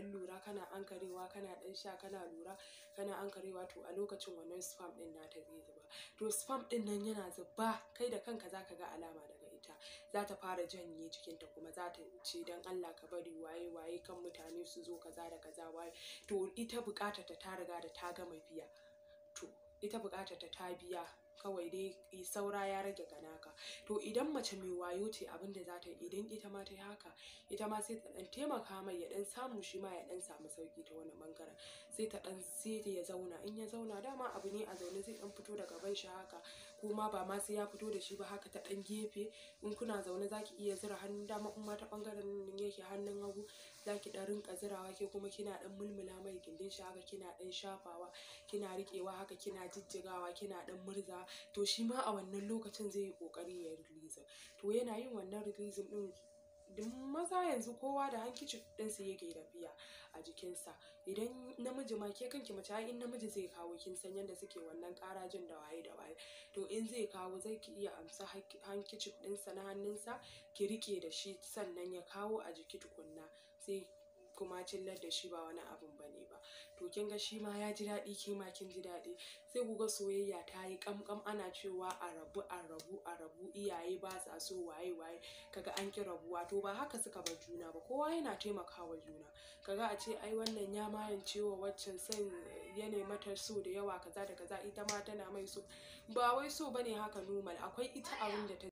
ɗan lura kana ankarewa kana ɗan sha kana lura kana ankarewa to a lokacin wannan spam ɗin na ta zai zuba to spam ɗin nan yana zuba kai da kanka zaka ga alama daga ita za ta fara janye jikinta kuma za ta ce dan Allah ka bari waye waye kan mutane su zo kaza da kaza waye to ita bukatar ta riga da ta gama biya to ita bukatar ta biya kawai dai saura ya rage ganaka to idan mace mai wayo ce abin da za ta yi idan ita ma ta yi haka ita ma sai ta dan taimaka mai ya dan samu shi ma ya dan samu sauki ta wani bangaren sai ta dan sai ya zauna in ya zauna dama abu ne a zaune zai dan fito daga ban shi haka kuma ba ma sai ya fito da shi ba haka ta dan gefe in kuna zaune zaki iya zura hannun dama in ma ta bangaren yake hannun hagu za ki dan rinka zirawa ke kuma kina dan mulmula mai gindin shi haka kina dan shafawa kina riƙewa haka kina jijjigawa kina dan murza to shi ma a wannan lokacin zai yi kokari ya release to yana yin wannan din ɗin maza yanzu kowa da hankici ɗinsa yake tafiya a jikinsa idan namiji ma ke kanki mace in namiji zai kawo kin san yanda suke wannan karajin da waye da waye to in zai kawo zai ki iya amsa hankici ɗinsa na hannunsa ki rike da shi sannan ya kawo a jiki tukunna sai kuma cillar da shi ba wani abun bane ba to kin ga shi ma ya ji daɗi ke ma kin ji daɗi sai ku ga soyayya ta yi kamkam ana cewa a rabu a rabu a rabu iyaye ba sa so waye waye kaga an ki rabuwa to ba haka suka bar juna ba kowa yana taimakawa juna kaga a ce ai wannan ya mayan cewa waccan son ya mata so da yawa kaza da kaza ita ma tana mai so ba wai so bane haka normal akwai ita abin da ta